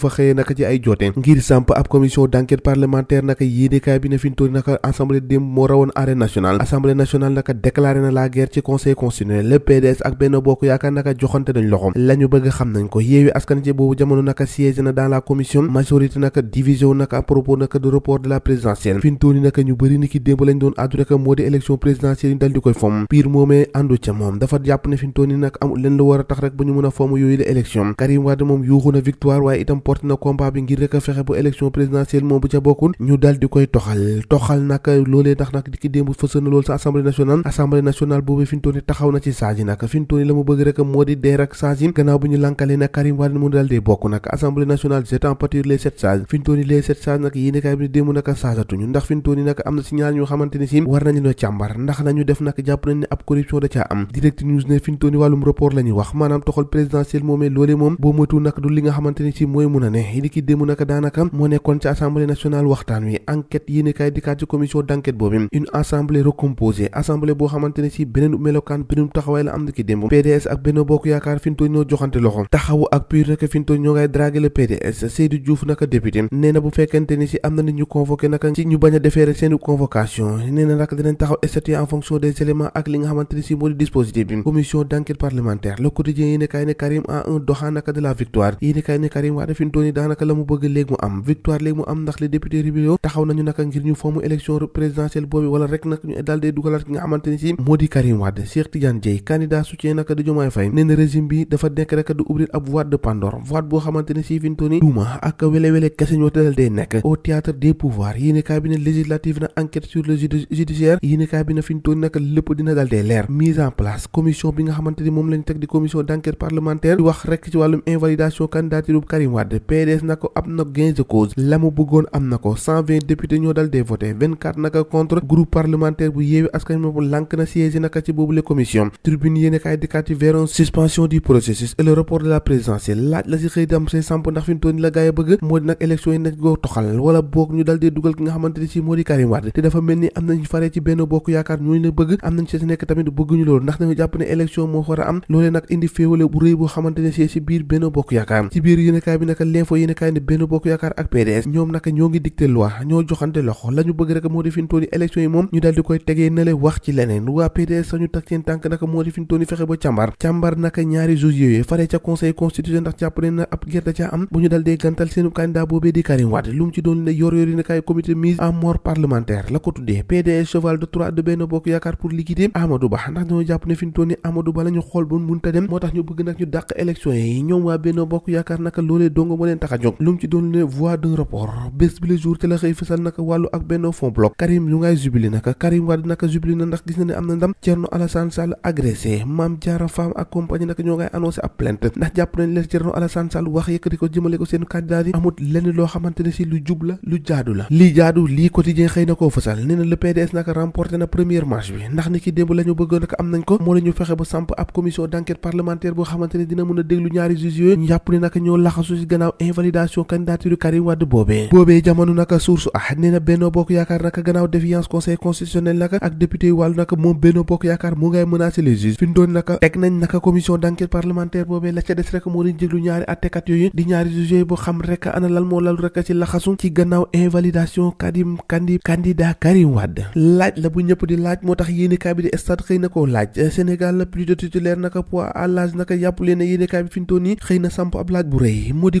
fa xëyee naka ci ay joote ngir samp ab commission d'enquête parlementaire naka yéenekaay bi ne fintoori naka assemblée démb moo rawoon arène nationale assemblée nationale naka déclaré na la guerre ci conseil constitutionnel le PDS ak Benno Bokk Yaakaar naka joxante nañ loxo la bëgg xam nañ ko Yewwi Askan ci boobu jamono naka siège na dans la commission majorité naka division naka à naka de report de la présidentielle fintoori naka ñu bëri ni ki a tax porte na bi ngir rek fexe bu élection présidentielle moom bu ca bokkul ñu dal di koy toxal toxal nag loolee ndax nag di ki démb fësal na sa assemblée nationale assemblée nationale boobu fi ñu mu bëgg bokk nag assemblée nationale c'est en pâture les sept sages fi ñu toll nii les sept bi démb nag saasatuñu ndax fi ñu am na si ñaar ñoo xamante ni war nañu no càmbar ndax nañu def nag jàpp nañ ne ab corruption da mun a ne li ki démb naka daanaka moo nekkoon ci assemblée nationale waxtaan wi enquête yéene ne si a en fonction naka de la victoire yéene ne Karim Wade fi daanaka la mu bëgg léegi mu am victoire léegi mu am ndax les députés ribéo taxaw nañu naka ngir ñu foomu élection présidentielle boobu wala rek nag ñu daal dee dugalaat ki nga xamante ni moo di Karim Wade Cheikh Tidiane Dieye candidat soutien naka di Diomaye Faye nee régime bi dafa nekk rek di ouvrir ab boîte de Pandore boîte boo xamante ni si duuma ak wele-wele kese ñoo tëral dee nekk au théâtre des pouvoirs yéene bi nga xamante Wade PDS naka ab na gain de cause la mu bëggoon am na ko 120 députés ñoo dal dee voté 24 naka contre groupe parlementaire bu Yewwi Askan Wi bu lànk na siège naka ci boobule commission tribune yéen si xëy dam say samp ndax fi mu yi nag ki nga xamante ne si moo di Karim Wade te dafa mel ni am nañ faree ci benn bokk yaakaar ñooñu la bëgg am nañ ci nekk tamit bëgguñu ne nag si si biir benn bokk yaakaar ci biir yéen kaay bi nag naka l'info yéen kaay ne benn bokk yaakaar ak PDS ñoom naka ñoo ngi dicté loi ñoo joxante loxo la ñu bëgg rek moo di fi ñu yi moom ñu daal koy tegee na le wax ci leneen waa PDS sañu tag seen tànk naka moo di fi fexe ba càmbar càmbar naka ñaari juge yooyu faree ca conseil constitutionnel ndax jàpp ne na ab gerte ca am bu ñu daal dee gàntal seenu candidat boobee di Karim Wade ci doon yor yor yéen kaay mise en mort parlementaire dong moo leen tax a jóg lu mu ci doon ne voie d'un rapport bés bi le jour ci la xëy fësal naka wàllu ak benn fond bloc Karim ñu ngay jubili naka Karim Wade naka jubili na ndax ne naka amut lenn loo xamante si lu jub la lu jaadu la lii jaadu lii quotidien xëy na koo fësal nee na le PDS naka remporté na première marche bi ndax ni ki démb la bëgg naka am nañ ko moo la fexe ba samp ab commission d'enquête parlementaire boo xamante dina mën a déglu gannaaw invalidation candidature Karim Wade na Benno Bokk Yaakaar naka gannaaw défiance conseil constitutionnel naka ak député la di laaj la bu ñëpp di laaj moo tax yéenekaay bi di stade xëy na koo laaj Sénégal la plus de titulaire naka poids à l'âge naka yàpp leen yéenekaay bi fi xëy na samp ab laaj bu rëy moo di